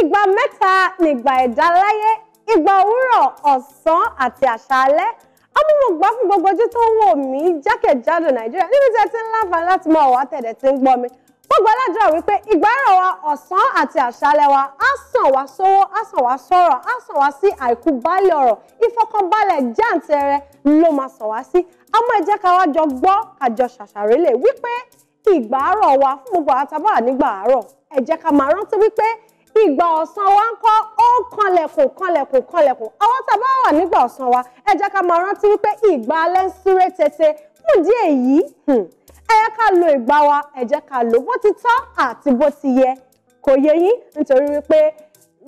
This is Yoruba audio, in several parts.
Igba mẹ́ta nìgbà ẹ̀dá láyé igba òwúrọ̀ ọ̀sán àti àṣálẹ́ amúmọ̀gbá fún gbogbo ojú tó wò mí jákèjádò nàìjíríà níbi tí ẹ ti ń láǹfààní láti mọ ọ̀wá tẹ̀dẹ̀ tí ń gbọ́ mi gbogbo aládùúrà wípé ìgbà ẹ̀rọ wa ọ̀sán àti àṣálẹ́ wa á sàn wá sówó á sàn wá sọ̀rọ̀ á sàn wá sí àìkú baálé ọ̀rọ̀ ìfọkànbalẹ̀ jáǹtẹ̀rẹ̀ ló máa sàn wá sí àmọ́ ẹ jẹ́ ká wá jọ gbọ́ ká jọ ṣàṣàrélẹ̀ wípé ìgbà àárọ̀ wa fún gbogbo àtàbà nígbà àárọ̀ ẹ jẹ́ ká máa rántí wípé ìgbà ọ̀sán wa ń kọ́ ó kanlẹ̀kùn kanlẹ̀kùn kanlẹ̀kùn àwọn tàbá wà nígbà ọ̀sán wa ẹ jẹ́ ká máa rántí wípé ìgbà alẹ́ ń súré tètè fún ìdí èyí hmm, ẹ yẹ ká lo ìgbà wa ẹ jẹ́ ká lò bó ti tọ́ àti bó ti yẹ kò yẹ yín nítorí wípé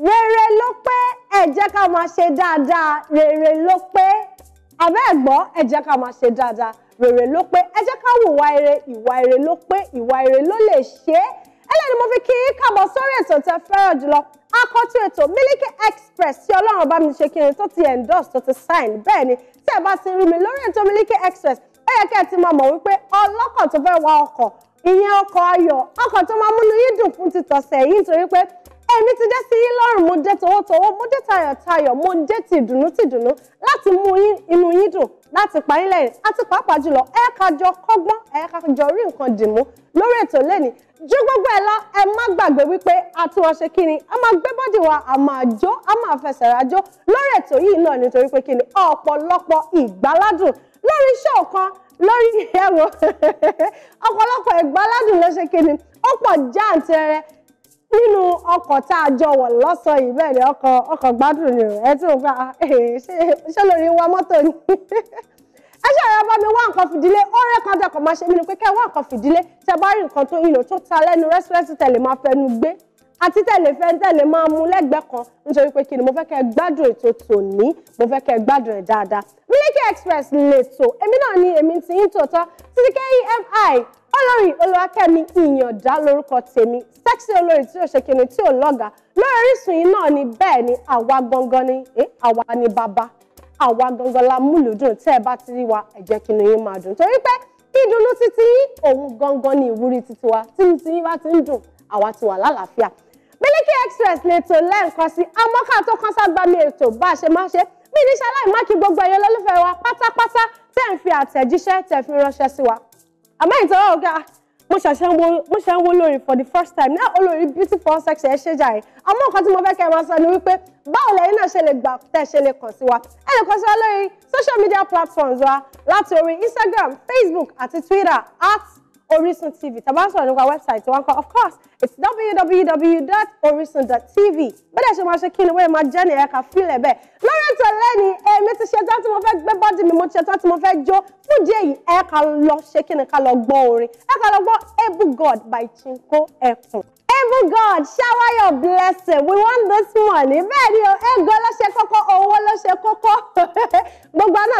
rere ló pé ẹ jẹ́ ká máa ṣe dáadáa rere ló pé àbẹ́ ẹ̀gbọ́ ẹ jẹ́ ká máa ṣe dáadáa rere ló pé ẹ jẹ́ ká wùwà ire ìwà ire ló pé ìwà ire ló lè ṣe é eléyìí mo fi kí í kàbọ̀ sórí ètò tẹ́ fẹ́ràn jùlọ akọ́tún ètò Miliki Express tí ọlọ́run bá mi ṣe kiri tó ti endorse tó ti sign bẹ́ẹ̀ ni tẹ́ ẹ bá ti rí mi lórí ètò Miliki Express ó yẹ kẹ́ ẹ ti máa mọ̀ wípé ọlọ́kọ̀ tó fẹ́ wa ọkọ̀ ìyẹn ọkọ̀ ayọ̀ ọkọ̀ tó máa múnú yín dùn fún títọ̀sẹ̀ yìí nítorí pé èmi ti dé sí yín lọ́rùn mo dé tọwọ́tọwọ́ mo dé tayọ̀tayọ̀ mo dé ti dùnú ti dùnú láti mú inú yín dùn láti pa yín lẹ́yìn àti pàápàá jùlọ ẹ ká jọ kọ́gbọ́n ẹ ká jọ rí nǹkan dìmú lórí ètò lẹ́ni ju gbogbo ẹ lọ ẹ má gbàgbé wípé àtúnwáṣe kíni a máa gbé bọ́dì wa a máa jó a máa fẹsẹ̀ rajó lórí ètò yìí náà nítorí pé kíni ọ̀pọ̀lọpọ̀ ìgbáládùn lórí iṣẹ́ ọ̀kan lórí ẹ̀wọ̀ ọ̀pọ̀lọpọ̀ ìgbáládùn ló ṣe kíni ó pọ̀ jáǹtẹrẹ nínú ọkọ̀ tá a jọ wọ̀ lọ́sàn yìí bẹ́ẹ̀ ni ọkọ̀ ọkọ̀ gbádùn ni ẹ tí mo gbà ṣé lórí wa mọ́tò ni ẹ ṣe àwọn ọba mi wá nǹkan fìdílé ọ̀rẹ́ kan tẹkọ máa ṣe mí ni pé kẹ wá nǹkan fìdílé tẹ bá rí nǹkan tó yìnbọn tó ta lẹ́nu rẹsírẹsì tẹlẹ máa fẹnu gbé àti tẹ̀lé fẹ́ tẹ̀lé máa mú lẹ́gbẹ̀ẹ́ kan nítorí pé kí ni mo fẹ́ kẹ́ gbádùn ètò tòní mo fẹ́ kẹ́ gbádùn ẹ̀ dáadáa Miliki Express lè tò èmi náà ni èmi ti ń tòótọ́ Sídíkẹ́ EFI olórin olúwakẹ́mi ìyàndá lórúkọ tèmi sẹ́ksì olórin tí ó ṣe kíni tí ò lọ́gàá lórí Orísun yìí náà ni bẹ́ẹ̀ ni àwa gangan ni eh, àwa ni bàbá àwa gangan la múlùdùn tẹ́ ẹ bá ti rí wa ẹ jẹ́ kí inú yín máa dùn torí pé ìdùnnú títí òun gangan ni ìwúrí títí wa tí ní bá ti ń dùn àwa ti wà lálàáfíà Miliki Express lẹ́tọ̀ lẹ́ǹkan sí amọ́ká tó kán sábà mi ètò bá a ṣe máa ṣe bí ní ṣaláì má gbogbo ẹ̀yọ́ lọ́lọ́fẹ́ wa pátápátá tẹ́ ń fi àtẹ̀jíṣẹ́ tẹ́ fi ránṣẹ́ sí wa àmọ́ ìtọ́wọ́ ọ̀gá ah, mo ṣàṣẹ mo ṣe ń wo lórí for the first time náà olórí beautiful sex ẹ ṣe jà yìí àmọ́ nǹkan tí mo fẹ́ kẹ́ ẹ máa sọ ni wípé báwo lẹ́yìn náà ṣe lè gbà tẹ́ ṣe lè kàn sí wa ẹ lè kàn sí wa lórí social media platforms wa láti orí Instagram Facebook àti Twitter at Orisun TV tàbá sọ̀rọ̀ nípa website wa nǹkan of course it's w www.orisun.tv bẹ́ẹ̀ ṣe máa ṣe kí ni wọ́n máa jẹ́ nìyẹn ká fílẹ̀ bẹ́ẹ̀ lórí ètò lẹ́ni èmi ti ṣe tán tí mo fẹ́ gbé bọ́dì mi mo ti ṣe tán tí mo fẹ́ jó fún díẹ̀ yìí ẹ ká lọ ṣe kí ni ká lọ gbọ́ orin ẹ lọ gbọ́ able god by Chinko Ẹkùn. able god shower your blessing we want this money bẹ́ẹ̀ ni o ego ló ṣe kókó owó ló ṣe kókó gbogbo àná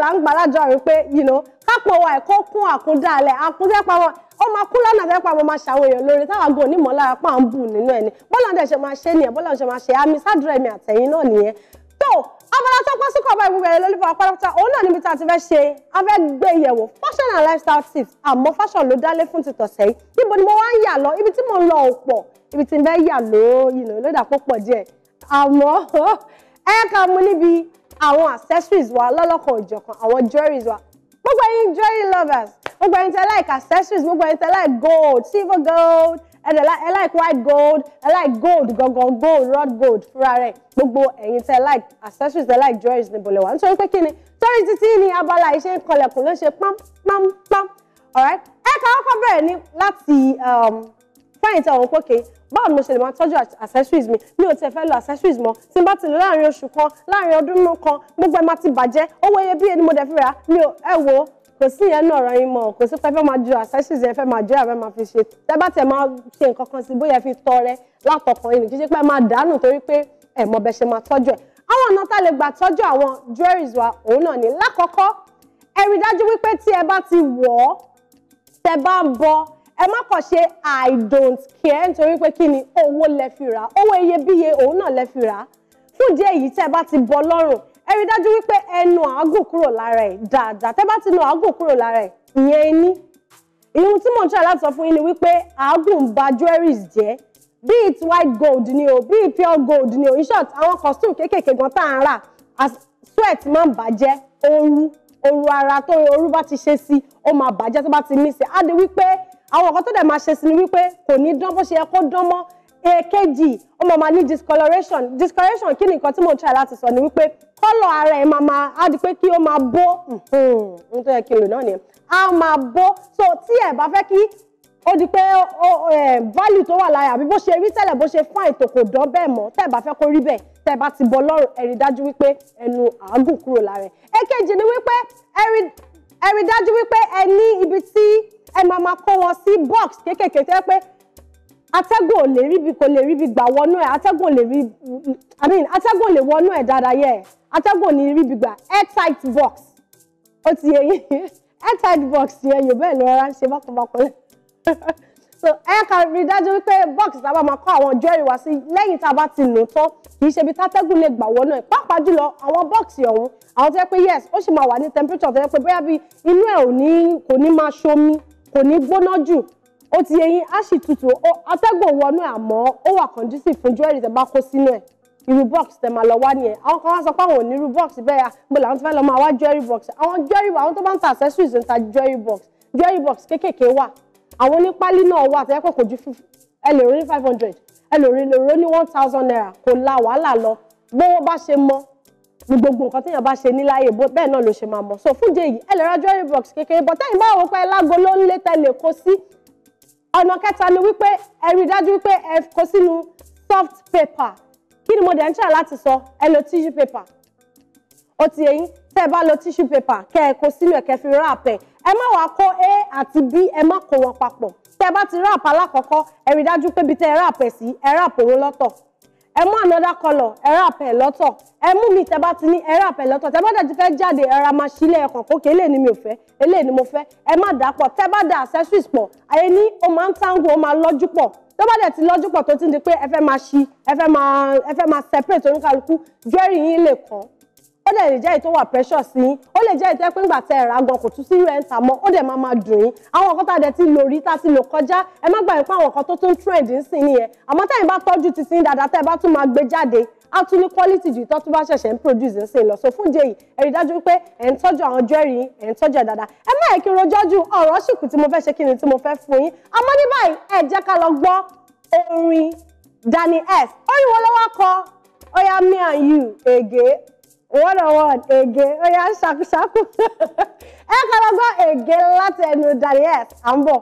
là ń gbàlájọ rẹ pé you know kápò wa ẹ̀kọ́ kún àkúndàlẹ̀ àkúndẹ́ pàwọ́ ó máa kú lọ́nà tẹ́ pàwọ́ máa ṣàwọn èèyàn lórí táwọn agbó onímọ̀lára pa ń bù nínú ẹni bọ́lá ọ̀dẹ̀ ṣe máa ṣe nìyẹn bọ́lá ọ̀dẹ̀ ṣe máa ṣe àmì sádùrà ẹ̀mí àtẹ̀yìn náà nìyẹn tó abala tó pọ́n síkọ̀ báyìí gbogbo ẹ̀rẹ́ lórí fún apárápátá òun náà níbi tá a ti fẹ́ ṣe a fẹ́ gbé yẹ̀wò fashion and lifestyle tips àmọ́ fashion ló dálé fún ti tọ̀sẹ̀ yìí níbo ni mo wá ń yà lọ ibi tí mo ń lọ ò ibi tí n fẹ́ yà ló yìnbọn ló dà pọ̀ díẹ̀ àmọ́ ẹ kà níbi àwọn accessories wa lọ́lọ́kan òjọ̀kan àwọn jewelries wa gbogbo ẹ̀yin jewelry lovers gbogbo ẹ̀yin tẹ́ like accessories gbogbo ẹ̀yin tẹ́ like gold silver gold ẹ̀dẹ̀ ẹ like white gold ẹ like gold gangan gold rod gold fúnra rẹ̀ gbogbo ẹ̀yin tẹ́ like accessories tẹ́ like jewelry níbo lẹ wà nítorí pé kí ni torí títí ni abala iṣẹ́ ń kọlẹ̀kùn ló ṣe pam pam pam alright ẹ̀ka ọkọ̀ bẹ̀rẹ̀ ni láti um, fẹ́yìn tí àwọn òpókè báwo ni mo ṣe lè máa tọ́jú accessories mi mi ò tiẹ̀ fẹ́ lo accessories mọ́ tí n bá ti lò láàrin oṣù kan láàrin ọdún kan gbogbo ẹ̀ máa ti bàjẹ́ owó iyebíye ni mo dẹ̀ fi rà mi ò ẹ̀ wò ó kò sí yẹn náà ọ̀rọ̀ yín mọ̀ kò sí pé fẹ́ máa ju accessories yẹn fẹ́ máa jẹ́ àbẹ́ máa fi ṣe tẹ́ bá tẹ̀ máa ṣe nǹkan kan sí bóyá fi tọrẹ látọkàn yìí jíjẹ́ pé máa dànù torí pé ẹ̀ mọ bẹ́ ṣe máa tọ́jú ẹ̀ àwọn ọ̀nà tá a lè gbà tọ́jú àwọn jewelries wa òun náà ni lákọ̀ọ́kọ́ ẹ rí dájú wípé ẹ má kàn ṣe i don't care nítorí pé kí ni owó lẹ fi rà owó iyebíye òun náà lẹ fi rà fún díẹ̀ yìí tẹ́ bá ti bọ́ lọ́rùn ẹ rí dájú wípé ẹ nu àágùn kúrò lára ẹ̀ dáadáa tẹ́ bá ti nu àágùn kúrò lára ẹ̀ ìyẹn ẹni ìhun tí mò ń ṣe láti sọ fún yín ni wípé àágùn bà jewelries jẹ́ be it white gold ni o be pure gold ni o in short àwọn costume kéékèèké gan tá à ń rà as sweat máa ń bàjẹ́ ooru ooru ara tó ooru bá ti ṣe sí ó máa bàjẹ́ tó bá ti mí sí i á di wípé àwọn nǹkan tó dẹ̀ máa ṣe sí ni wípé kò ní dán bó ṣe yẹ kó dán mọ́ èkejì ó máa máa ní discoloration discoloration kí ni nǹkan tí mò ń try láti sọ ni wípé kọ́lọ̀ ara ẹ̀ máa máa á di pé kí ó máa bó hmm, ohun tó yẹ kí n lò náà nìyẹn á máa bó so tí ẹ̀ bá fẹ́ kí ó di pé value tó wà lára àbí bó ṣe rí tẹ́lẹ̀ bó ṣe fún àìtò kò dán bẹ́ẹ̀ mọ́ tẹ́ ẹ̀ bá fẹ́ kó rí bẹ́ẹ̀ tẹ́ ẹ̀ bá ti bọ́ lọ́rùn ẹ dájú wípé ẹnu àágùn kúrò lára ẹ̀ èkejì ni wípé ẹ rí dájú wípé ẹ ibi tí ẹ máa máa kó wọn sí box kéékèèké tẹ́ pé atẹ́gùn ò lè ríbi kò lè ríbi gbà wọnú ẹ̀ atẹ́gùn ò lè rí i mean atẹ́gùn ò lè wọnú ẹ̀ dáadáa yẹ atẹ́gùn ò ní ríbi gbà airtight box ó ti yẹ yín airtight box yẹn yóò bẹ́ẹ̀ lọ́ra ṣe bákanbákan so ẹ kà rí dájú wípé box sábà máa kó àwọn jewelry wá sí lẹ́yìn tá a bá ti lò tán kì í ṣe ibi tátẹ́gùn lè gbà wọnú ẹ̀ pàápàá jùlọ àwọn bọ́ọ̀sì ọ̀hún àwọn tó yẹ pé yes ó sì máa wà ní temperature tó yẹ pé bóyá bí inú ẹ̀ ò ní kò ní máa ṣomi kò ní gbóná jù ó ti eyín á sì tutù atẹ́gùn wọnú ẹ̀ àmọ́ ó wà conducive fún jewelry tẹ́ bá kó sínú ẹ̀ irú box tẹ́ máa lọ wá nìyẹn àwọn kan wá sọ pé àwọn ò ní irú box bẹ́ẹ̀ gbọ́dọ̀ àwọn tó fẹ́ lọ máa wá jewelry box àwọn jewelry àwọn tó bá ń ta accessories ń ta jewelry box jewelry box kéékèèké wà àwọn onípálí náà wà tẹ́ pé kò ju ẹ lè rí ní five hundred ẹ lè rí ní one thousand naira kò la wàhálà lọ bówó bá ṣe mọ́ ni gbogbo nǹkan téèyàn bá ṣe níláyè bẹ́ẹ̀ náà ló ṣe máa mọ̀ so fún jẹ́ yìí ẹ lè ra jewelry box kékeré bọ̀ tẹ́yìn báwo pé lágo ló ń lé tẹ́lẹ̀ kó sí ọ̀nà kẹta ni wípé ẹ rí dájú wípé ẹ kó sínú soft paper kí ni mo dẹ̀ ń ṣà láti sọ ẹ lo tissue paper ó ti yẹ yín tẹ́ ẹ bá lo tissue paper kẹ́ ẹ kó sínú ẹ̀ kẹ́ fi wrap ẹ̀ ẹ má wàá kó a àti b ẹ má kó wọn papọ̀ tẹ́ ẹ bá ti wrap alákọ̀ọ́kọ́ ẹ rí dájú pé ibi tẹ́ ẹ wrap ẹ̀ sí ẹ wrap òun lọ́tọ̀ ẹ mú another colour ẹ rà pẹ̀ lọ́tọ̀ ẹ mú mi tẹ́ bá ti ní ẹ rà pẹ̀ lọ́tọ̀ tẹ́ bá dẹ̀ ti fẹ́ jáde ẹ ra máa ṣílẹ̀ ẹ̀kàn kókè eléyìí ni mi ò fẹ́ eléyìí ni mo fẹ́ ẹ má dà pọ̀ tẹ́ bá dà accessories pọ̀ ayé ní ó máa ń tango ó máa lọ́jú pọ̀ tó bá dẹ̀ ti lọ́jú pọ̀ tó ti di pé ẹ fẹ́ máa ṣí ẹ fẹ́ máa ẹ fẹ́ máa separate oníkálukú jewelry yín lè kàn ó dẹ̀ lè jẹ́ èyí tó wà pressure sí yín ó lè jẹ́ èyí tó yẹ pé ńgbà tẹ ẹ̀rà gan kò tún sí rẹ̀ ń tà mọ́ ó dẹ̀ máa máa dùn yín àwọn nǹkan tá a dẹ̀ ti lò rí tá a ti lò kọjá ẹ má gbàgbé pé àwọn nǹkan tó tún trend ń sìn nìyẹn àmọ́ tẹ́yìn bá tọ́jú ti sin dáadáa tẹ́ ẹ bá tún máa gbé jáde á tún ní quality ju ìtọ́jú bá ṣẹ̀ṣẹ̀ ń produce ńsìn lọ so fún ìdí èyí ẹ rí dájú pé ẹ̀ ń tọ́jú àwọn jewelry yín ẹ̀ ń tọ́jú ẹ̀ dáadáa ẹ má yẹ kí rojọ́ ju ọ̀rọ̀ ṣìkù tí mo fẹ́ ṣe kí ni tí mo fẹ́ fún yín àmọ́ ní báyìí ẹ jẹ́ ká lọ gbọ́ orin Danny S orin wo ló wá kọ oya me and you ege one on one ègé ó yá ṣàkúṣàkú ẹ kọ́ lọ́gbọ́n ègé láti ẹnu Daniel à ń bọ̀.